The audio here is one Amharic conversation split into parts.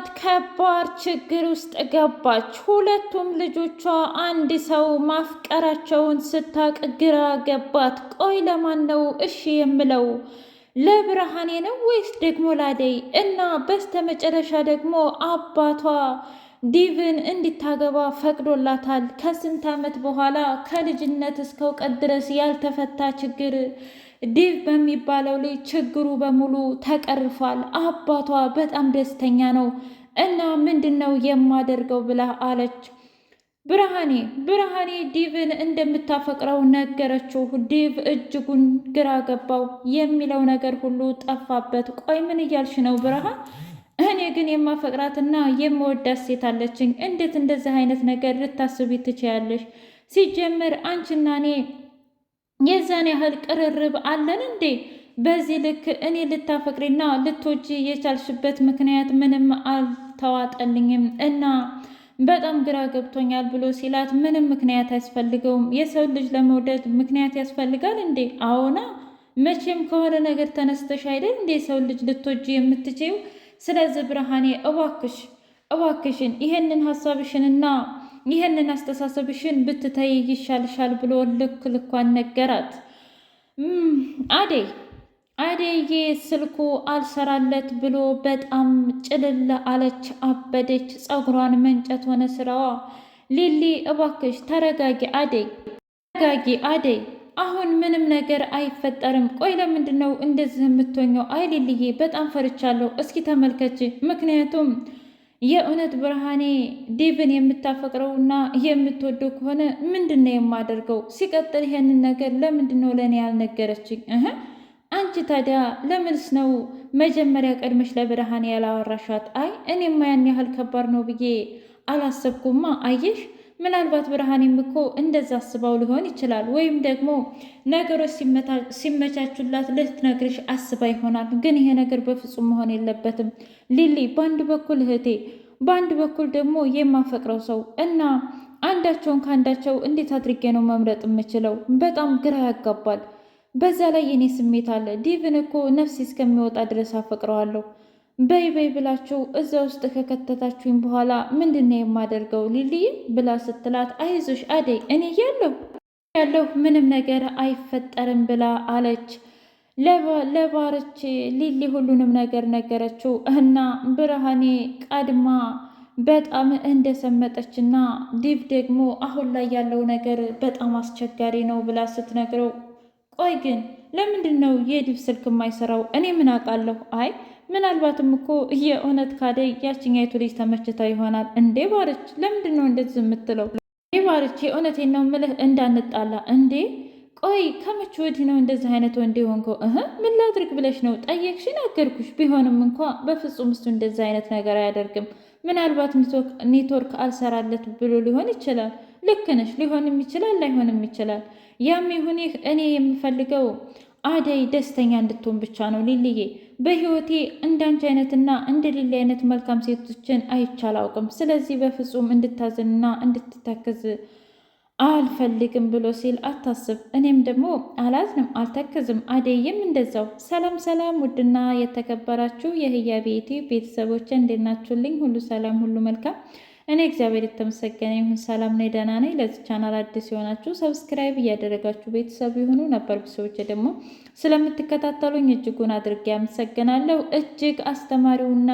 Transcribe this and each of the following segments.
ጽናት ከባድ ችግር ውስጥ ገባች። ሁለቱም ልጆቿ አንድ ሰው ማፍቀራቸውን ስታቅ ግራ ገባት። ቆይ ለማን ነው እሺ የምለው? ለብርሃኔ ነው ወይስ ደግሞ ላደይ? እና በስተመጨረሻ ደግሞ አባቷ ዲቭን እንዲታገባ ፈቅዶላታል። ከስንት ዓመት በኋላ ከልጅነት እስከ እውቀት ድረስ ያልተፈታ ችግር ዴቭ በሚባለው ላይ ችግሩ በሙሉ ተቀርፏል። አባቷ በጣም ደስተኛ ነው። እና ምንድን ነው የማደርገው ብላ አለች። ብርሃኔ ብርሃኔ ዴቭን እንደምታፈቅረው ነገረችው። ዴቭ እጅጉን ግራ ገባው። የሚለው ነገር ሁሉ ጠፋበት። ቆይ ምን እያልሽ ነው ብርሃን? እኔ ግን የማፈቅራትና የምወዳት ሴት አለችኝ። እንዴት እንደዚህ አይነት ነገር ልታስቢ ትችያለሽ? ሲጀምር አንቺና እኔ የዛን ያህል ቅርርብ አለን እንዴ? በዚህ ልክ እኔ ልታፈቅሪና ልትወጂ የቻልሽበት ምክንያት ምንም አልተዋጠልኝም እና በጣም ግራ ገብቶኛል ብሎ ሲላት፣ ምንም ምክንያት አያስፈልገውም። የሰው ልጅ ለመውደድ ምክንያት ያስፈልጋል እንዴ? አዎና፣ መቼም ከሆነ ነገር ተነስተሽ አይደል እንዴ የሰው ልጅ ልትወጂ የምትችው? ስለዚህ ብርሃኔ እባክሽ እባክሽን ይሄንን ሀሳብሽንና ይህንን አስተሳሰብሽን ብትተይ ይሻልሻል ብሎ ልክ ልኳን ነገራት። አዴ አዴ ስልኩ አልሰራለት ብሎ በጣም ጭልል አለች፣ አበደች። ፀጉሯን መንጨት ሆነ ስራዋ። ሊሊ እባክሽ ተረጋጊ አዴ ተረጋጊ አደይ። አሁን ምንም ነገር አይፈጠርም። ቆይ ለምንድን ነው እንደዚህ የምትሆኘው? አይ ሊልዬ፣ በጣም ፈርቻለሁ። እስኪ ተመልከች ምክንያቱም የእውነት ብርሃኔ ዴቭን የምታፈቅረውና የምትወደው ከሆነ ምንድን ነው የማደርገው? ሲቀጥል ይሄንን ነገር ለምንድን ነው ለእኔ ያልነገረችኝ? አንቺ ታዲያ ለምንስ ነው መጀመሪያ ቀድመሽ ለብርሃኔ ያላወራሻት? አይ እኔማ ያን ያህል ከባድ ነው ብዬ አላሰብኩማ። አየሽ ምናልባት ብርሃኔም እኮ እንደዛ አስባው ሊሆን ይችላል። ወይም ደግሞ ነገሮች ሲመቻቹላት ልትነግርሽ አስባ ይሆናል። ግን ይሄ ነገር በፍጹም መሆን የለበትም ሊሊ። በአንድ በኩል እህቴ፣ በአንድ በኩል ደግሞ የማፈቅረው ሰው እና አንዳቸውን ከአንዳቸው እንዴት አድርጌ ነው መምረጥ የምችለው? በጣም ግራ ያጋባል። በዛ ላይ የኔ ስሜት አለ። ዲቭን እኮ ነፍሴ እስከሚወጣ ድረስ አፈቅረዋለሁ በይ በይ ብላችሁ እዛ ውስጥ ከከተታችሁኝ በኋላ ምንድን ነው የማደርገው ሊልይ ብላ ስትላት፣ አይዞሽ አደይ እኔ ያለሁ ያለሁ ምንም ነገር አይፈጠርም ብላ አለች። ለባርች ሊሊ ሁሉንም ነገር ነገረችው እና ብርሃኔ ቀድማ በጣም እንደሰመጠች እና ዲቭ ደግሞ አሁን ላይ ያለው ነገር በጣም አስቸጋሪ ነው ብላ ስትነግረው ቆይ ግን ለምንድን ነው የዲብ ስልክ የማይሰራው? እኔ ምን አውቃለሁ? አይ ምናልባትም እኮ የእውነት ካደ ያችኛይቱ ልጅ ተመችታ ይሆናል። እንዴ ባርች፣ ለምንድን ነው እንደዚህ የምትለው? ባርች፣ የእውነቴን ነው ምልህ እንዳንጣላ እንዴ ቆይ ከመቼ ወዲህ ነው እንደዚህ አይነት ወንድ የሆንከው? እህ ምን ላድርግ ብለሽ ነው ጠየቅሽን? አገርኩሽ። ቢሆንም እንኳ በፍጹም እሱ እንደዚህ አይነት ነገር አያደርግም። ምናልባት ኔትወርክ አልሰራለት ብሎ ሊሆን ይችላል። ልክ ነሽ። ሊሆንም ይችላል፣ ላይሆንም ይችላል። ያም ይሁን ይህ እኔ የምፈልገው አደይ ደስተኛ እንድትሆን ብቻ ነው። ሊልዬ በህይወቴ እንዳንቺ አይነትና እንደ አይነት መልካም ሴቶችን አይቻላውቅም። ስለዚህ በፍጹም እንድታዝንና እንድትተክዝ አልፈልግም ብሎ ሲል አታስብ። እኔም ደግሞ አላዝንም አልተክዝም። አደይም እንደዛው። ሰላም ሰላም! ውድና የተከበራችሁ የህያ ቤቲ ቤተሰቦች እንዴናችሁልኝ? ሁሉ ሰላም፣ ሁሉ መልካም። እኔ እግዚአብሔር የተመሰገነ ይሁን ሰላም ነኝ፣ ደህና ነኝ። ለዚህ ቻናል አዲስ የሆናችሁ ሰብስክራይብ እያደረጋችሁ ቤተሰብ የሆኑ ነበር ሰዎች ደግሞ ስለምትከታተሉኝ እጅጉን አድርጌ ያመሰግናለሁ። እጅግ አስተማሪውና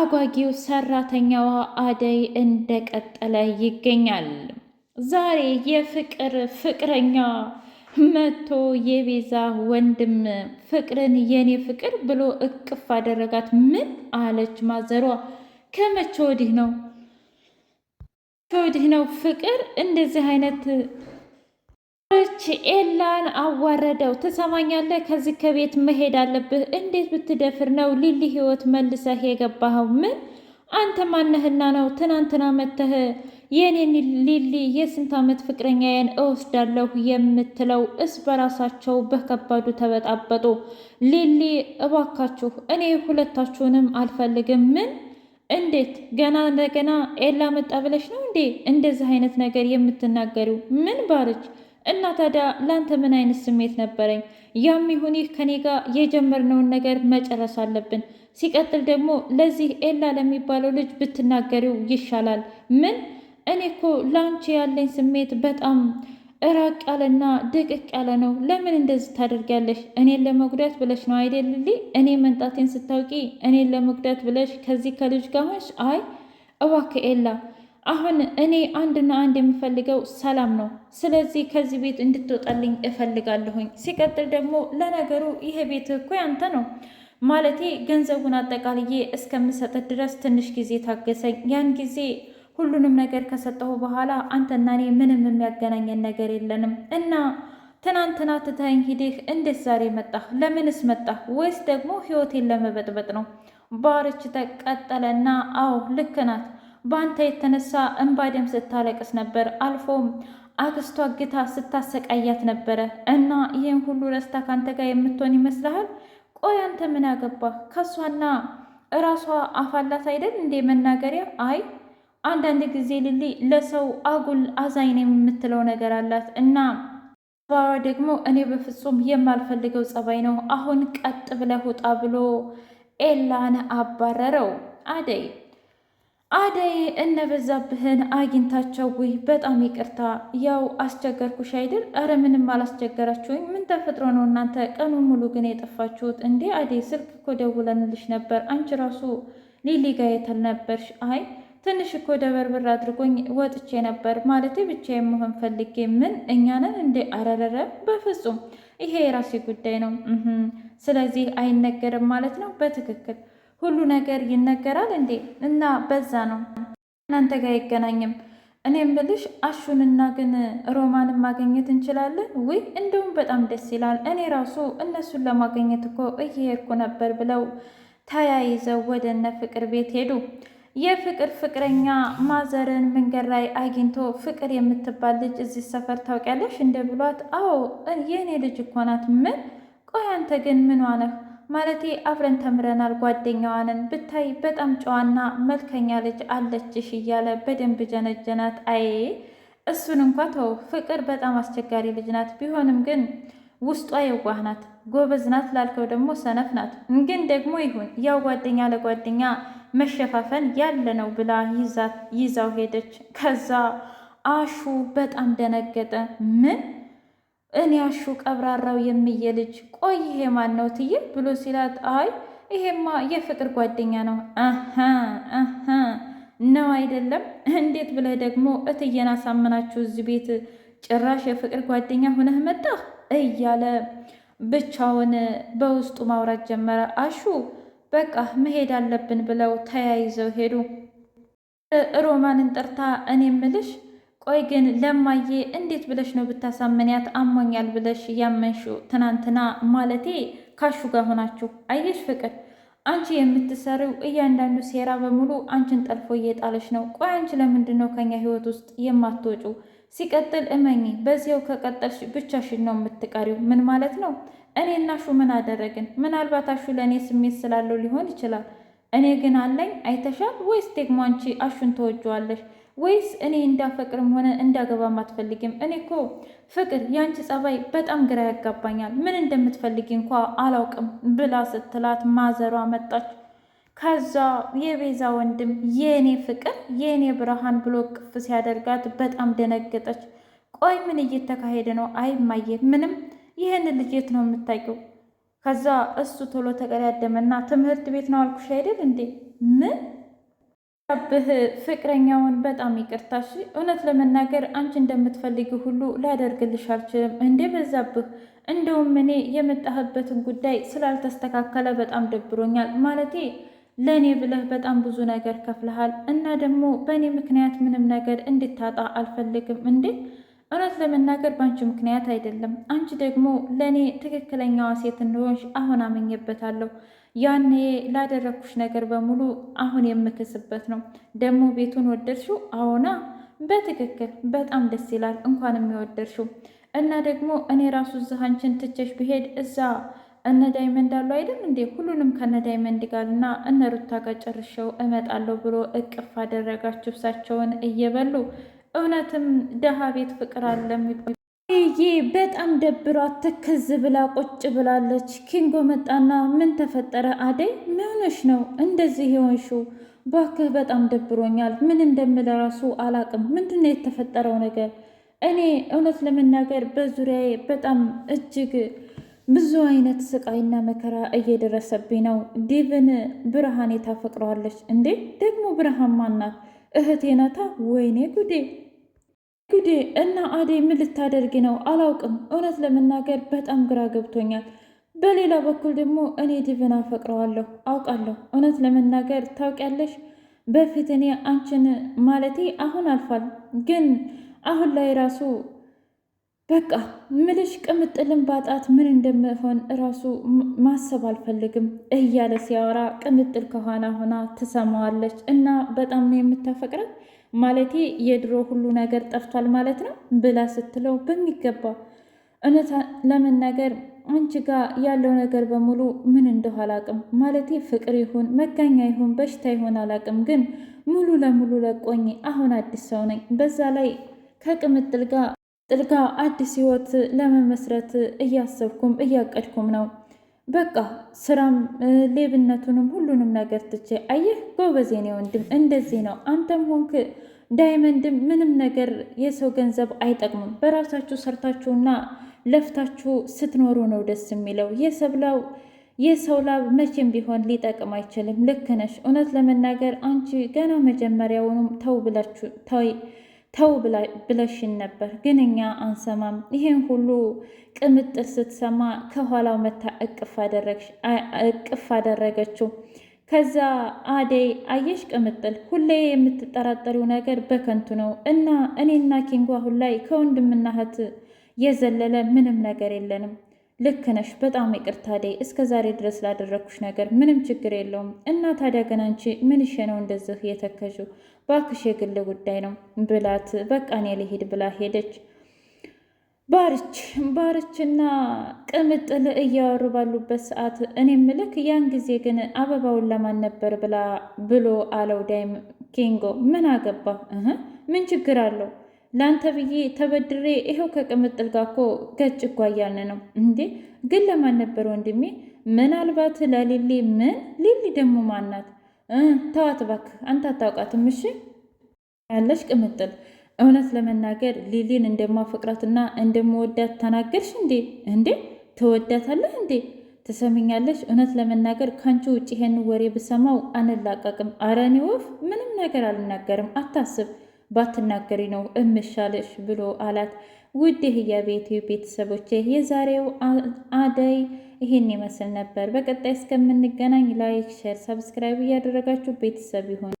አጓጊው ሰራተኛዋ አደይ እንደቀጠለ ይገኛል። ዛሬ የፍቅር ፍቅረኛ መቶ የቤዛ ወንድም ፍቅርን የኔ ፍቅር ብሎ እቅፍ አደረጋት። ምን አለች ማዘሯ? ከመቼ ወዲህ ነው ከወዲህ ነው ፍቅር እንደዚህ አይነት ች ኤላን አዋረደው። ትሰማኛለህ? ከዚህ ከቤት መሄድ አለብህ። እንዴት ብትደፍር ነው ሊሊ ህይወት መልሰህ የገባኸው? ምን አንተ ማነህና ነው ትናንትና መተህ የኔን ሊሊ የስንት ዓመት ፍቅረኛዬን እወስዳለሁ የምትለው? እስ በራሳቸው በከባዱ ተበጣበጡ። ሊሊ እባካችሁ እኔ ሁለታችሁንም አልፈልግም። ምን? እንዴት? ገና እንደገና ኤላ መጣ ብለሽ ነው እንዴ እንደዚህ አይነት ነገር የምትናገሪው? ምን ባርች እና ታዲያ ለአንተ ምን አይነት ስሜት ነበረኝ? ያም ይሁን ይህ ከኔ ጋር የጀመርነውን ነገር መጨረስ አለብን። ሲቀጥል ደግሞ ለዚህ ኤላ ለሚባለው ልጅ ብትናገሪው ይሻላል። ምን እኔ እኮ ለአንቺ ያለኝ ስሜት በጣም እራቅ ያለና ደቅቅ ያለ ነው። ለምን እንደዚህ ታደርጊያለሽ? እኔን ለመጉዳት ብለሽ ነው አይደልል? እኔ መንጣቴን ስታውቂ እኔን ለመጉዳት ብለሽ ከዚህ ከልጅ ጋር ሆንሽ? አይ እባክህ ኤላ፣ አሁን እኔ አንድና አንድ የምፈልገው ሰላም ነው። ስለዚህ ከዚህ ቤት እንድትወጣልኝ እፈልጋለሁኝ። ሲቀጥል ደግሞ ለነገሩ ይሄ ቤት እኮ ያንተ ነው ማለቴ ገንዘቡን አጠቃልዬ እስከምሰጥ ድረስ ትንሽ ጊዜ ታገሰኝ። ያን ጊዜ ሁሉንም ነገር ከሰጠሁ በኋላ አንተና እኔ ምንም የሚያገናኘን ነገር የለንም እና ትናንትና ትተኸኝ ሂደህ እንዴት ዛሬ መጣህ? ለምንስ መጣህ? ወይስ ደግሞ ህይወቴን ለመበጥበጥ ነው? ባርች ተቀጠለና፣ አዎ ልክ ናት። በአንተ የተነሳ እንባደም ስታለቅስ ነበር። አልፎም አክስቷ ግታ ስታሰቃያት ነበረ እና ይህን ሁሉ ረስታ ካንተ ጋር የምትሆን ይመስልሃል? ቆይ አንተ ምን አገባ? ከሷና እራሷ አፋላት አይደል እንዴ መናገሪያ? አይ አንዳንድ ጊዜ ልሊ ለሰው አጉል አዛኝ ነው የምትለው ነገር አላት እና ጸባዋ ደግሞ እኔ በፍጹም የማልፈልገው ጸባይ ነው። አሁን ቀጥ ብለህ ውጣ ብሎ ኤላን አባረረው አደይ አደይ እነበዛብህን አግኝታቸው፣ ውይ በጣም ይቅርታ ያው አስቸገርኩሽ አይደል? አረ ምንም አላስቸገራችሁኝ። ምን ተፈጥሮ ነው እናንተ ቀኑን ሙሉ ግን የጠፋችሁት እንዴ? አደይ ስልክ እኮ ደውለንልሽ ነበር። አንቺ ራሱ ሊሊ ጋ የተል ነበርሽ። አይ ትንሽ እኮ ደበርብር አድርጎኝ ወጥቼ ነበር ማለት ብቻ የመሆን ፈልጌ። ምን እኛንን እንዴ? አረረረ በፍጹም ይሄ የራሴ ጉዳይ ነው። ስለዚህ አይነገርም ማለት ነው። በትክክል ሁሉ ነገር ይነገራል እንዴ? እና በዛ ነው እናንተ ጋር አይገናኝም። እኔም ብልሽ አሹንና ግን ሮማንን ማግኘት እንችላለን ወይ? እንደውም በጣም ደስ ይላል። እኔ ራሱ እነሱን ለማግኘት እኮ እየሄድኩ ነበር ብለው ተያይዘው ወደ እነ ፍቅር ቤት ሄዱ። የፍቅር ፍቅረኛ ማዘርን መንገድ ላይ አግኝቶ ፍቅር የምትባል ልጅ እዚህ ሰፈር ታውቂያለሽ እንደ ብሏት፣ አዎ የእኔ ልጅ እኮ ናት። ምን ቆይ አንተ ግን ምን ዋነህ ማለቴ አብረን ተምረናል ጓደኛዋንን ብታይ በጣም ጨዋና መልከኛ ልጅ አለችሽ እያለ በደንብ ጀነጀናት። አይ እሱን እንኳ ተው፣ ፍቅር በጣም አስቸጋሪ ልጅ ናት። ቢሆንም ግን ውስጧ የዋህ ናት፣ ጎበዝ ናት ላልከው ደግሞ ሰነፍ ናት። ግን ደግሞ ይሁን ያው ጓደኛ ለጓደኛ መሸፋፈን ያለ ነው ብላ ይዛው ሄደች። ከዛ አሹ በጣም ደነገጠ። ምን እኔ ያሹ ቀብራራው የምዬ ልጅ ቆይ ይሄ ማን ነው ትዬ ብሎ ሲላት፣ አይ ይሄማ የፍቅር ጓደኛ ነው። አሀ ነው አይደለም? እንዴት ብለህ ደግሞ እትዬን አሳምናችሁ እዚህ ቤት ጭራሽ የፍቅር ጓደኛ ሁነህ መጣህ እያለ ብቻውን በውስጡ ማውራት ጀመረ። አሹ በቃ መሄድ አለብን ብለው ተያይዘው ሄዱ። ሮማንን ጠርታ እኔ ምልሽ ቆይ ግን ለማዬ እንዴት ብለሽ ነው ብታሳመንያት አሞኛል ብለሽ ያመንሽው? ትናንትና ማለቴ ካሹ ጋር ሆናችሁ አየሽ ፍቅር፣ አንቺ የምትሰሪው እያንዳንዱ ሴራ በሙሉ አንቺን ጠልፎ እየጣለች ነው። ቆይ አንቺ ለምንድን ነው ከኛ ህይወት ውስጥ የማትወጩ? ሲቀጥል እመኚ፣ በዚያው ከቀጠልሽ ብቻሽን ነው የምትቀሪው። ምን ማለት ነው? እኔና ሹ ምን አደረግን? ምናልባት አሹ ለእኔ ስሜት ስላለው ሊሆን ይችላል እኔ ግን አለኝ አይተሻል ወይስ ደግሞ አንቺ አሹን ተወጂዋለሽ ወይስ እኔ እንዳፈቅርም ሆነ እንዳገባም አትፈልጊም? እኔ እኮ ፍቅር የአንቺ ጸባይ በጣም ግራ ያጋባኛል፣ ምን እንደምትፈልጊ እንኳ አላውቅም ብላ ስትላት ማዘሯ መጣች። ከዛ የቤዛ ወንድም የእኔ ፍቅር የእኔ ብርሃን ብሎ ቅፍ ሲያደርጋት በጣም ደነገጠች። ቆይ ምን እየተካሄደ ነው? አይ እማዬ፣ ምንም። ይህን ልጅ የት ነው የምታውቂው? ከዛ እሱ ቶሎ ተቀዳደመና ትምህርት ቤት ነው አልኩሽ አይደል እንዴ? ምን ብህ ፍቅረኛውን በጣም ይቅርታሽ። እውነት ለመናገር አንቺ እንደምትፈልጊ ሁሉ ላደርግልሽ አልችልም። እንዴ በዛብህ፣ እንደውም እኔ የመጣህበትን ጉዳይ ስላልተስተካከለ በጣም ደብሮኛል። ማለቴ ለእኔ ብለህ በጣም ብዙ ነገር ከፍለሃል እና ደግሞ በእኔ ምክንያት ምንም ነገር እንድታጣ አልፈልግም። እንዴ እውነት ለመናገር በአንቺ ምክንያት አይደለም። አንቺ ደግሞ ለእኔ ትክክለኛዋ ሴት እንደሆንሽ አሁን አምኜበታለሁ። ያኔ ላደረግኩሽ ነገር በሙሉ አሁን የምክስበት ነው። ደግሞ ቤቱን ወደድሽው? አዎና፣ በትክክል በጣም ደስ ይላል። እንኳን የሚወደድሽው እና ደግሞ እኔ ራሱ እዚህ አንቺን ትቼሽ ብሄድ እዛ እነ ዳይመንድ አሉ አይደል እንዴ? ሁሉንም ከነ ዳይመንድ ጋር እና እነ ሩታ ጋር ጨርሸው እመጣለሁ ብሎ እቅፍ አደረጋችሁ እሳቸውን እየበሉ እውነትም ደሃ ቤት ፍቅር አለ ይሄ በጣም ደብሯት ትክዝ ብላ ቁጭ ብላለች። ኪንጎ መጣና ምን ተፈጠረ አደይ ምንሽ ነው እንደዚህ የሆንሽው? ባክህ በጣም ደብሮኛል። ምን እንደምል ራሱ አላቅም። ምንድን ነው የተፈጠረው ነገር? እኔ እውነት ለመናገር በዙሪያዬ በጣም እጅግ ብዙ አይነት ስቃይና መከራ እየደረሰብኝ ነው። ዲቭን ብርሃኔ ታፈቅረዋለች እንዴ? ደግሞ ብርሃን ማናት? እህቴ ናታ። ወይኔ ጉዴ ጉዴ እና አደይ ምን ልታደርግ ነው? አላውቅም። እውነት ለመናገር በጣም ግራ ገብቶኛል። በሌላ በኩል ደግሞ እኔ ድብን አፈቅረዋለሁ አውቃለሁ። እውነት ለመናገር ታውቂያለሽ፣ በፊት እኔ አንቺን ማለቴ አሁን አልፏል፣ ግን አሁን ላይ ራሱ በቃ ምልሽ ቅምጥልን ባጣት ምን እንደምሆን እራሱ ማሰብ አልፈልግም እያለ ሲያወራ ቅምጥል ከኋና ሆና ትሰማዋለች። እና በጣም ነው የምታፈቅረን ማለቴ የድሮ ሁሉ ነገር ጠፍቷል ማለት ነው ብላ ስትለው በሚገባ እውነት ለመናገር አንቺ ጋ ያለው ነገር በሙሉ ምን እንደሆነ አላቅም። ማለቴ ፍቅር ይሁን መጋኛ ይሁን በሽታ ይሁን አላቅም፣ ግን ሙሉ ለሙሉ ለቆኝ አሁን አዲስ ሰው ነኝ። በዛ ላይ ከቅምጥል ጥልጋ አዲስ ህይወት ለመመስረት እያሰብኩም እያቀድኩም ነው። በቃ ስራም ሌብነቱንም ሁሉንም ነገር ትቼ አየህ፣ ጎበዜ የኔ ወንድም እንደዚህ ነው። አንተም ሆንክ ዳይመንድም ምንም ነገር የሰው ገንዘብ አይጠቅምም። በራሳችሁ ሰርታችሁና ለፍታችሁ ስትኖሩ ነው ደስ የሚለው። የሰብላው የሰው ላብ መቼም ቢሆን ሊጠቅም አይችልም። ልክ ነሽ። እውነት ለመናገር አንቺ ገና መጀመሪያውኑም ተው ብላችሁ ተይ ተው ብለሽን ነበር፣ ግን እኛ አንሰማም። ይህን ሁሉ ቅምጥል ስትሰማ ከኋላው መታ እቅፍ አደረገችው። ከዛ አደይ አየሽ ቅምጥል፣ ሁሌ የምትጠራጠሪው ነገር በከንቱ ነው እና እኔና ኪንጉ አሁን ላይ ከወንድምና እህት የዘለለ ምንም ነገር የለንም። ልክ ነሽ። በጣም ይቅርታ አደይ፣ እስከ ዛሬ ድረስ ላደረግኩሽ ነገር ምንም ችግር የለውም። እና ታዲያ ግን አንቺ ምንሽ ነው እንደዚህ የተከዥው? ባክሽ የግል ጉዳይ ነው ብላት፣ በቃ እኔ ልሂድ ብላ ሄደች። ባርች ባርችና ቅምጥል እያወሩ ባሉበት ሰዓት እኔ ምልክ ያን ጊዜ ግን አበባውን ለማን ነበር ብላ ብሎ አለው ዳይም ኪንጎ ምን አገባ ምን ችግር አለው ለአንተ ብዬ ተበድሬ ይኸው ከቅምጥል ጋር እኮ ገጭ እጓያልን ነው እንዴ? ግን ለማን ነበር ወንድሜ? ምናልባት ለሊሊ። ምን ሊሊ ደግሞ ማናት? ተዋት እባክህ አንተ አታውቃትም። እሺ ያለሽ ቅምጥል፣ እውነት ለመናገር ሊሊን እንደማፈቅራትና እንደምወዳት ተናገርሽ እንዴ? እንዴ ትወዳታለህ እንዴ? ትሰምኛለሽ? እውነት ለመናገር ከአንቺ ውጭ ይሄን ወሬ ብሰማው አንላቀቅም። አረ እኔ ወፍ ምንም ነገር አልናገርም፣ አታስብ ባትናገሪ ነው እምሻለሽ ብሎ አላት። ውድህ ህያብ ቤተሰቦቼ የዛሬው አደይ ይህን ይመስል ነበር። በቀጣይ እስከምንገናኝ ላይክ፣ ሼር፣ ሰብስክራይብ እያደረጋችሁ ቤተሰብ ይሆን